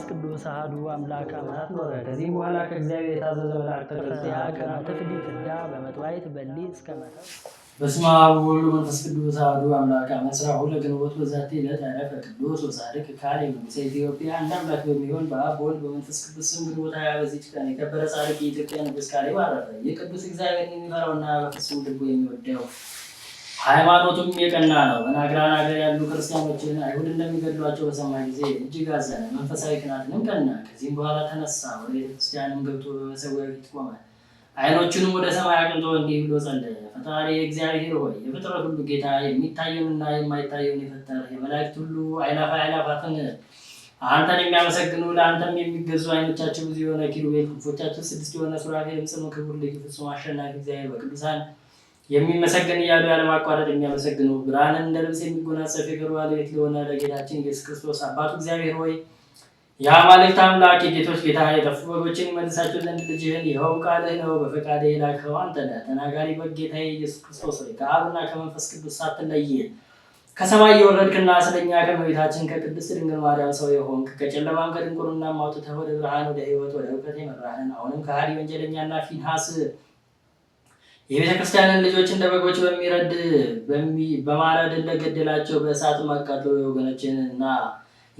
መንፈስ ቅዱስ አህዱ አምላክ አማት ኖረ። ከዚህ በኋላ ከእግዚአብሔር የታዘዘ መልአክ ተገልጸያ ከናተ ፍዲት በመጥዋይት በሊ እስከ መረ በስመ አብ ወወልድ ወመንፈስ ቅዱስ አሐዱ አምላክ አመ ሁለ ግንቦት በዛቲ ዕለት ዐረፈ ቅዱስ ወጻድቅ ካልዕ ንጉሠ ኢትዮጵያ። አንድ አምላክ በሚሆን በአብ በወልድ በመንፈስ ቅዱስ ስም ግንቦት ሃያ በዚች ቀን የከበረ ጻድቅ የኢትዮጵያ ንጉሥ ካልዕ አረፈ። የቅዱስ እግዚአብሔር የሚፈራውና በፍጹም ልቡ የሚወደው ሃይማኖቱም የቀና ነው። በናግራን ሀገር ያሉ ክርስቲያኖችን አይሁድ እንደሚገድሏቸው በሰማ ጊዜ እጅግ አዘነ፣ መንፈሳዊ ቅናትንም ቀና። ከዚህም በኋላ ተነሳ፣ ወደ ቤተክርስቲያንም ገብቶ በመሰዊያው ፊት ቆመ። አይኖቹንም ወደ ሰማይ አቅንቶ እንዲህ ብሎ ጸለየ። ፈጣሪ እግዚአብሔር ሆይ የፍጥረት ሁሉ ጌታ፣ የሚታየውንና የማይታየውን የፈጠረ የመላእክት ሁሉ አይላፋ አይላፋትን አንተን የሚያመሰግኑ ለአንተም የሚገዙ አይኖቻቸው ብዙ የሆነ ኪሩቤል ክንፎቻቸው ስድስት የሆነ ሱራፌል ጽኑ ክቡር ልዩ ፍጹም አሸናፊ እግዚአብሔር በቅዱሳን የሚመሰገን እያሉ ያለማቋረጥ የሚያመሰግኑ ብርሃንን እንደ ልብስ የሚጎናጸፍ የክብር ባለቤት ለሆነ ለጌታችን ኢየሱስ ክርስቶስ አባቱ እግዚአብሔር ሆይ የአማልክት አምላክ የጌቶች ጌታ የጠፉ በጎችን መልሳቸው ዘንድ ልጅህን ይኸው ቃልህ ነው በፈቃድ የላከው አንተ ነህ። ተናጋሪ በግ ጌታ ኢየሱስ ክርስቶስ ሆይ ከአብና ከመንፈስ ቅዱስ ሳትለይ ከሰማይ የወረድክና ስለኛ ከእመቤታችን ከቅድስት ድንግል ማርያም ሰው የሆንክ ከጨለማም ከድንቁርና አውጥተህ ወደ ብርሃን ወደ ህይወት ወደ እውቀት የመራህን አሁንም ከሃዲ ወንጀለኛና ፊንሐስ የቤተ ክርስቲያንን ልጆች እንደ በጎች በሚረድ በማረድ እንደገደላቸው በእሳት አቃጥሎ የወገኖችን እና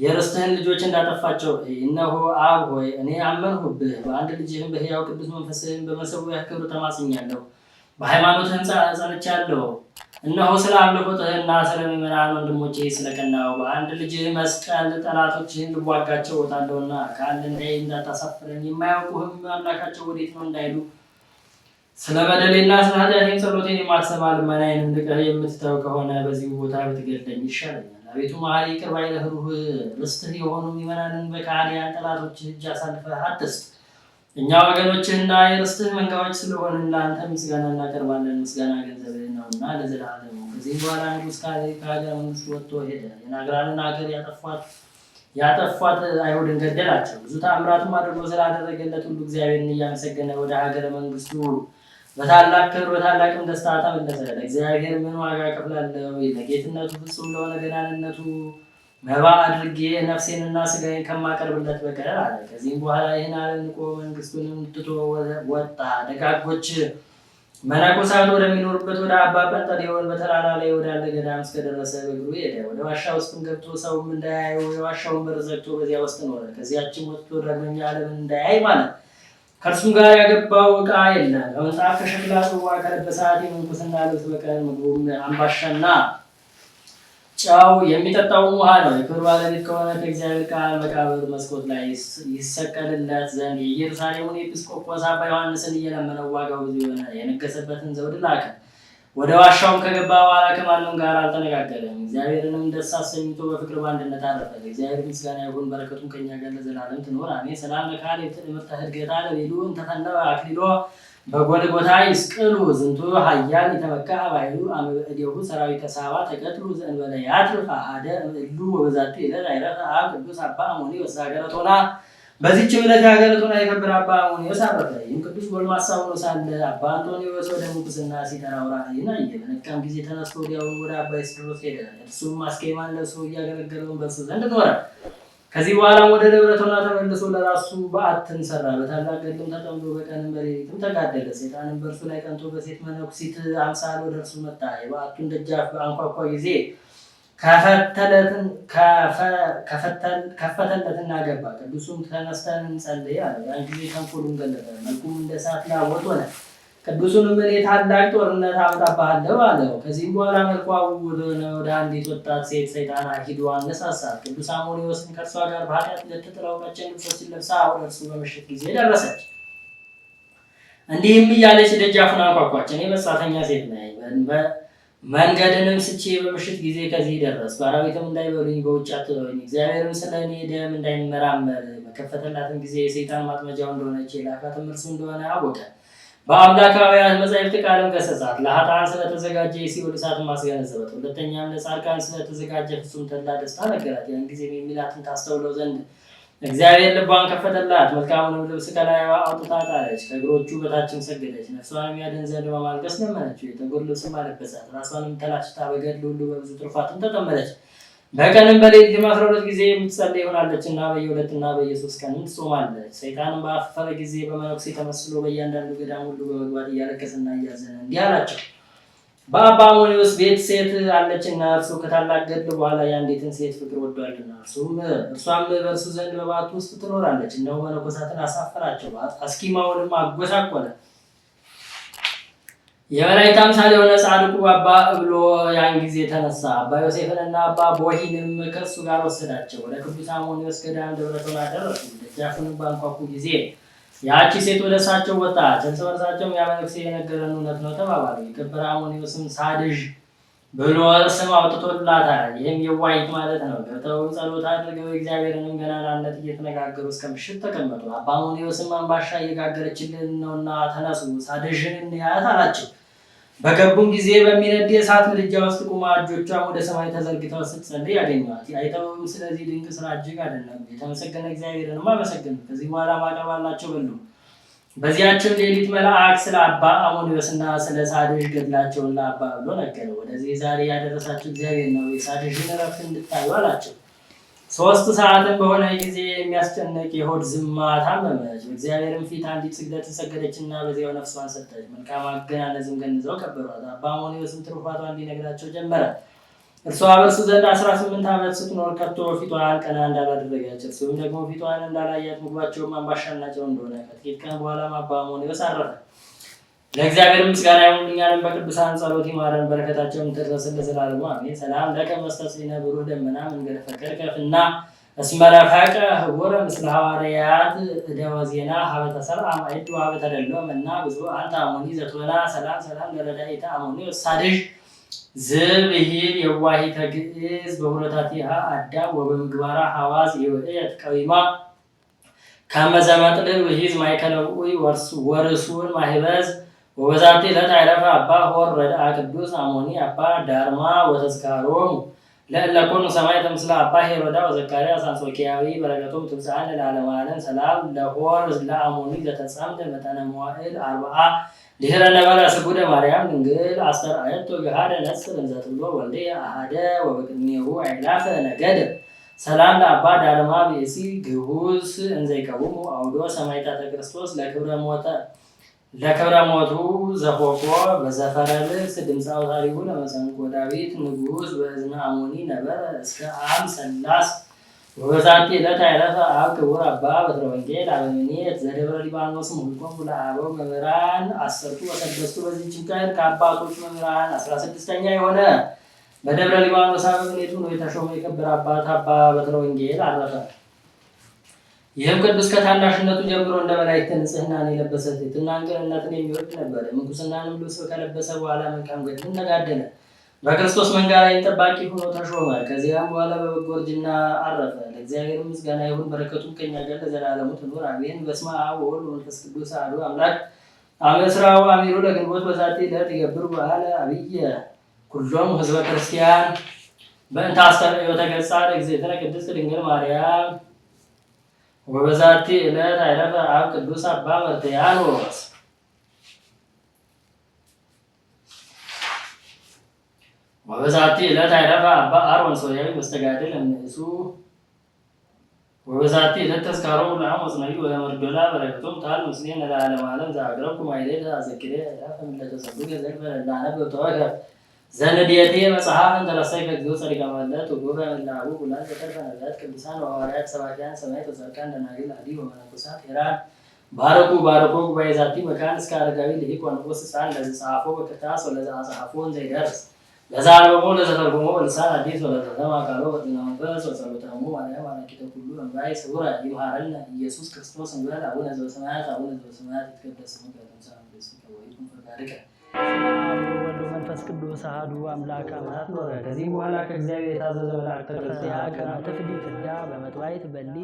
የርስትህን ልጆች እንዳጠፋቸው እነሆ አብ ሆይ እኔ አመንሁብህ፣ በአንድ ልጅህን በሕያው ቅዱስ መንፈስህን በመሰዊያህ ክብር ተማጽኛለሁ፣ በሃይማኖት ህንፃ ጸንቻለሁ። እነሆ ስለ አምልኮትህና ስለ ምዕመናን ወንድሞቼ ስለቀናው በአንድ ልጅህ መስቀል ጠላቶችህን ልዋጋቸው ወጣለሁና ከአንድ እንዳይ እንዳታሳፍረን የማያውቁህም አምላካቸው ወዴት ነው እንዳይሉ ስለ በደሌና ስለ ኃጢአቴም ጸሎቴን የማትሰማ ልመናዬን እንድቀር የምትተው ከሆነ በዚህ ቦታ ብትገድለኝ ይሻለኛል። አቤቱ መሐሪ፣ ይቅር ባይ፣ ሩህሩህ ርስትህ የሆኑ ምዕመናንን በከሃዲያን ጠላቶች እጅ አሳልፈህ አትስጥ። እኛ ወገኖችህና የርስትህ መንጋዎች ስለሆንን ለአንተ ምስጋና እናቀርባለን። ምስጋና ገንዘብህ ነውና ለዘላለሙ። ከዚህ በኋላ ንጉሥ ከሀገረ መንግስት ወጥቶ ሄደ። የናግራንን ሀገር ያጠፏት ያጠፏት አይሁድን ገደላቸው። ብዙ ተአምራቱም አድርጎ ስላደረገለት ሁሉ እግዚአብሔርን እያመሰገነ ወደ ሀገረ መንግሥቱ በታላቅ ክብር በታላቅም ደስታ ተመለሰ። ለእግዚአብሔር ምን ዋጋ እከፍላለሁ? ለጌትነቱ ፍጹም ለሆነ ገናንነቱ መባ አድርጌ ነፍሴንና ስጋዬን ከማቀርብለት በቀር አለ። ከዚህም በኋላ ይህን ዓለም መንግስቱንም ትቶ ወጣ። ደጋጎች መነኮሳት ወደሚኖሩበት ወደ አባ ጰንጠሌዎን በተራራ ላይ ወዳለ ገዳም እስከደረሰ በእግሩ ሄደ። ወደ ዋሻ ውስጥም ገብቶ ሰውም እንዳያየው የዋሻውን በር ዘግቶ በዚያ ውስጥ ኖረ። ከዚያችም ወጥቶ ዳግመኛ ዓለምን እንዳያይ ማለት ከእርሱም ጋር ያገባው ዕቃ የለም። በመጽሐፍ ከሸክላ ጽዋ ከለበሳት የምንኩስና ልብስ በቀር ምግቡም አምባሻና ጨው የሚጠጣውን ውሃ ነው። የክብር ባለቤት ከሆነ ከእግዚአብሔር ቃል መቃብር መስኮት ላይ ይሰቀልለት ዘንድ የኢየሩሳሌሙን ኤጲስቆጶስ አባ ዮሐንስን እየለመነው ዋጋው ብዙ የሆነ የነገሰበትን ዘውድ ላከ። ወደ ዋሻውም ከገባ በኋላ ከማንም ጋር አልተነጋገረም። እግዚአብሔርንም ደስ አሰኝቶ በፍቅር በአንድነት አረፈ። እግዚአብሔር ምስጋና ይሁን፣ በረከቱም ከኛ ጋር ለዘላለም ትኖር አሜን። ሰላም ለካል ትምህርተ ህድገታ ለሌሉን ተፈነበ አክሊሎ በጎልጎታ ይስቅሉ ዝንቱ ሀያል የተመካ ባይሉ አመዲሁ ሰራዊ ተሳባ ተቀትሉ ዘንበለ ያትርፋ አደ እሉ ወበዛቴ ይለት አብ ቅዱስ አባ አሞኒ ወሳገረቶና በዚች እምነት የሀገሪቱን የከበረ አባ አሞንዮስ አረፈ። ይህም ቅዱስ ጎልማሳ ሆኖ ሳለ አባ አንቶኒዎስ ወደ ምንኩስና ሲጠራው ራእይን አየ። በነቃም ጊዜ ተነስቶ ወዲያውኑ ወደ አባ እስድሮስ ሄደ። እርሱም አስኬማን ለብሶ እያገለገለውን በእርሱ ዘንድ ኖረ። ከዚህ በኋላም ወደ ደብረ ቶና ተመልሶ ለራሱ በዓትን ሰራ። በታላቅ ገድልም ተጠምዶ በቀንም በሌሊትም ተጋደለ። ሰይጣንም በእርሱ ላይ ቀንቶ በሴት መነኩሲት አምሳል ወደ እርሱ መጣ። የበዓቱን ደጃፍ በአንኳኳ ጊዜ ከፈተለትን ገባ። ቅዱሱም ተነስተን እንጸልይ አለ። ያን ጊዜ ተንኮሉን ገለጠ፣ መልኩም እንደ እሳት ላወጥ ሆነ። ቅዱሱንም እኔ ታላቅ ጦርነት አመጣብሃለሁ አለው። ከዚህም በኋላ መልኳ ውብ ወደሆነ ወደ አንዲት ወጣት ሴት ሰይጣን ሂዶ አነሳሳት። ቅዱስ አሞኒዎስን ከእርሷ ጋር በኃጢአት ልትጥለው ነጭ ልብሶችን ለብሳ ወደ እርሱ በመሸት ጊዜ ደረሰች። እንዲህም እያለች ደጃፉን አንኳኳች። እኔ መጻተኛ ሴት ነኝ መንገድንም ስቼ በምሽት ጊዜ ከዚህ ደረስኩ። አራዊትም እንዳይበሉኝ በውጭ አትበሉኝ። እግዚአብሔርም ስለ እኔ ደም እንዳይመራመር በከፈተላትን ጊዜ የሰይጣን ማጥመጃው እንደሆነች የላካትም እርሱ እንደሆነ አወቀ። በአምላካውያን መጻሕፍት ቃልም ገሰጻት። ለኃጥአን ስለተዘጋጀ የሲኦል እሳትም አስገነዘበት። ሁለተኛም ለጻድቃን ስለተዘጋጀ ፍጹም ተድላ ደስታ ነገራት። ያን ጊዜም የሚላትን ታስተውለው ዘንድ እግዚአብሔር ልቧን ከፈተላት፣ መልካሙንም ልብስ ከላይዋ አውጥታ ጣለች። ከእግሮቹ በታችም ሰገደች። ነፍሷንም ያድን ዘንድ በማልቀስ ለመነችው። የጠጉር ልብስም አለበሳት። ራሷንም ተላጭታ በገድል ሁሉ በብዙ ትሩፋትም ተጠመደች። በቀንም በሌሊትም አስራ ሁለት ጊዜ የምትጸልይ ይሆናለች እና በየሁለትና በየሶስት ቀን ትጾማለች። ሰይጣንም በአፈረ ጊዜ በመነኩሴ ተመስሎ በእያንዳንዱ ገዳም ሁሉ በመግባት እያለቀሰና እያዘነ እንዲህ አላቸው በአባ ሞኒዎስ ቤት ሴት አለችና እርሱ ከታላቅ ገድል በኋላ የአንዲትን ሴት ፍቅር ወዷልና እርሱም እርሷም በእርሱ ዘንድ በባቱ ውስጥ ትኖራለች። እነሆ መነኮሳትን አሳፈራቸው፣ አስኪማውንም አጎሳቆለ። የበላይ ታምሳል የሆነ ጻድቁ አባ እብሎ ያን ጊዜ ተነሳ። አባ ዮሴፍንና አባ ቦሂንም ከእሱ ጋር ወሰዳቸው። ወደ ቅዱስ አሞኒዎስ ገዳም ደብረ ቶላ ደረሱ። ደጃፉንም ባንኳኩ ጊዜ ያቺ ሴት ወደ እሳቸው ወጣ። እርስ በርሳቸውም ያ መነኩሴ የነገረን እውነት ነው ተባባሉ። የከበረ ስም ሳድዥ ብሎ ስም አውጥቶላታል። ይህም የዋይት ማለት ነው። ገብተው ጸሎት አድርገው እግዚአብሔርንም ገናናነት እየተነጋገሩ እስከ ምሽት ተቀመጡ። አባ ስም አምባሻ እየጋገረችልን ነውና ተነሱ፣ ሳድዥን እንያት አላቸው። በገቡም ጊዜ በሚነድ የእሳት ምድጃ ውስጥ ቁማ እጆቿን ወደ ሰማይ ተዘርግተው ስትጸልይ ያገኘዋት አይተው፣ ስለዚህ ድንቅ ስራ እጅግ አደነቁ። የተመሰገነ እግዚአብሔርንም አመሰገኑ። ከዚህ በኋላ ማቀብ አላቸው በሉ። በዚያቸው ሌሊት መልአክ ስለ አባ አሞኒዮስና ስለ ሳድሽ ገድላቸውን ለአባ ብሎ ነገረው። ወደዚህ ዛሬ ያደረሳቸው እግዚአብሔር ነው፣ የሳድሽን እረፍት እንድታዩ አላቸው። ሶስት ሰዓትም በሆነ ጊዜ የሚያስጨንቅ የሆድ ዝማ ታመመች። እግዚአብሔርም ፊት አንዲት ተሰገደች እና በዚያው ነፍሷን ሰጠች። መልካም አገናነዝም ገንዘው ቀበሯት። አባ አሞንዮስም ትሩፋቷ እንዲነግራቸው ጀመረ። እርሷ በእርሱ ዘንድ አስራ ስምንት ዓመት ስትኖር ከቶ ፊቷን ቀና እንዳላደረጋች እርሱም ደግሞ ፊቷን እንዳላያት ምግባቸውም አምባሻና እንደሆነ ከጥቂት ቀን በኋላም አባ አሞንዮስ አረፈ። ለእግዚአብሔር ምስጋና ይሁን። እኛንም በቅዱሳን ጸሎት ይማረን፣ በረከታቸውን ትድረስን ለዘላለሙ አሜን። ሰላም ለከ መስተስእሊነ ብሩህ ደመና መንገድ ፈቀድከ ፍና እስመ ረፈቀ ህቡረ ምስለ ሐዋርያት እደወ ዜና ሀበተሰብ አማይድ ማዕድ ወሀበ መና ብዙ አንተ አሞኒ ዘትወና ሰላም ሰላም ለረዳኢተ አሞኒ ወሳድሽ ዝብሂል የዋሂተ ግዕዝ በሁለታቲሃ አዳም ወበምግባራ ሐዋዝ ይውዕየት ቀዊማ ከመዘመጥልን ውሂዝ ማይከለውይ ወርሱን ማህበዝ ወበዛቲ ዕለት አዕረፈ አባ ሆር ረድአ ቅዱስ አሞኒ አባ ዳርማ ወተዝካሮሙ ለእለኮኑ ሰማይ ሰማዕተ አባ ሄሮዳ ወዘካርያስ አንጾኪያዊ በረከቶም ትብፅሐነ ለዓለመ ዓለም ሰላም ለሆር ለአሞኒ ዘተጸምድ መጠነ መዋዕል አርብዓ ድህረ ነበረ ስጉደ ማርያም ድንግል አስተርአየቶ ገሃደ ነጽር እንዘትብሎ ወልደ አሃደ ወበቅድሜሁ አዕላፈ ነገደ ሰላም ለአባ ዳርማ ብእሲ ግሁስ እንዘይቀውሙ አውዶ ሰማዕታተ ክርስቶስ ለክብረ ሞተ ለክብረ ሞቱ ዘፎቆ በዘፈረ ልብስ ድምፀ አውታሪሁ ለመሰንቆ ዳዊት ንጉስ በእዝነ አሞኒ ነበር እስከ አም ሰላስ ወበዛቲ ዕለት አይረፈ አብ ክቡር አባ በትረ ወንጌል አበምኔት ዘደብረ ሊባኖስ ሙልቆም ለአበው መምህራን አሰርቱ ወሰደስቱ በዚህችን ቀን ከአባቶች መምህራን አስራ ስድስተኛ የሆነ በደብረ ሊባኖስ አበምኔቱ ነው የተሾመ የከበረ አባት አባ በትረ ወንጌል አረፈ። ይህም ቅዱስ ከታናሽነቱ ጀምሮ እንደ መላእክት ንጽህናን የለበሰ ትሕትናን፣ ቅንነትን የሚወድ ነበረ። ምንኩስናንም ልብስ ከለበሰ በኋላ መልካም ገድልን ተጋደለ። በክርስቶስ መንጋ ላይ ጠባቂ ሆኖ ተሾመ። ከዚያም በኋላ በበጎ እርጅና አረፈ። ለእግዚአብሔር ምስጋና ይሁን፣ በረከቱም ከእኛ ጋር ለዘላለሙ ትኑር አሜን። በስመ አብ ወወልድ ወመንፈስ ቅዱስ አሐዱ አምላክ አመስራው አሚሩ ለግንቦት በዛቲ ዕለት ይገብር በዓለ አብይ ኩሎም ህዝበ ክርስቲያን በእንተ አስተርእዮ ተገጻ ለእግዝእትነ ቅድስት ድንግል ማርያም ወበዛቲ ዕለት አይረፈ አብ ቅዱስ አባ በርትያኖስ ወበዛቲ ዕለት አይረፈ አባ አሮን ሶርያዊ መስተጋድል እምንእሱ ወበዛቲ ዕለት ተስካሮ ለአም ወፅናዩ ወለመርዶላ በረከቶም ታል ሙስሊም ለዓለም ዓለም ዘአቅረብኩ ማይሌ ዘአዘክሬ ዕረፈ እምለተሰብእ ዘልፈ ለአነ ዘንዴቴ መጽሐፍ እንተረሳይ ከጊዜው ጸሪቃ ማለት ውጉበ ላቡ ሁላት ዘተርፈ ነቢያት ቅዱሳን ሐዋርያት ሰባኪያን ሰማዕት ወጻድቃን ደናግል አዲ ወመነኮሳት ሄራን ባረኩ ባረኮ ጉባኤ ዛቲ መካን እስከ አረጋዊ ልሂቅ ወንቁስ ሕፃን ለዚ ጸሐፎ በክርታስ ወለዚ አጽሐፎ ዘይደርስ ለዛ አንበቦ ለዘተርጉሞ በልሳን አዲስ ወለዘተማ ቃሎ በጥና መንፈስ ወጸሎተሙ ማርያም አራቂተ ኩሉ እምራይ ስውረ ይብሃረነ ኢየሱስ ክርስቶስ እንበል አቡነ ዘበሰማያት አቡነ ዘበሰማያት ይትቀደስ ስምከ ትምጻእ መንግሥትከ ወይኩን ፈቃድከ መንፈስ ቅዱስ አህዱ አምላክ አማት ኖረ። ከዚህ በኋላ ከእግዚአብሔር የታዘዘ መልአክ ተገልጸ ያቀናተ ፍዲት ዳ በመጥዋይት በሊ